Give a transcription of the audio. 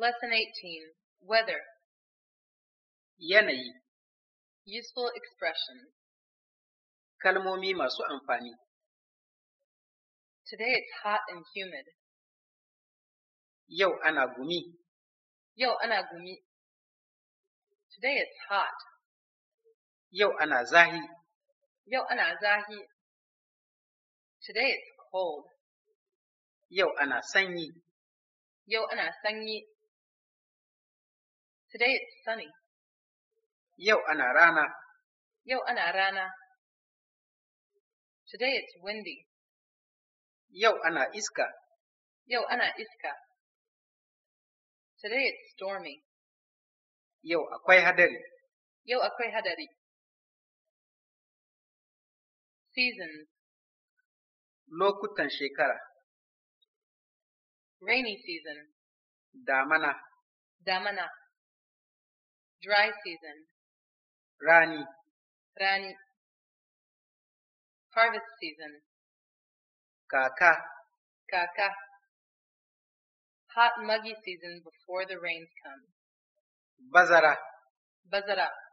Lesson 18 Weather Yanayi Useful expressions Kalmomi masu amfani Today it's hot and humid. Yau ana gumi. Yau ana gumi. Today it's hot. Yau ana zahi. Yau ana zahi. Today it's cold. Yau ana sanyi. Yau ana sanyi. Today it's sunny. Yau ana rana. Yau ana rana. Today it's windy. Yau ana iska. Yau ana iska. Today it's stormy. Yau akwai hadari. Yau akwai hadari. Seasons. Lokutan shekara. Rainy season. Damana. Damana dry season, rani, rani, harvest season, kaka, kaka, hot muggy season before the rains come, bazara, bazara,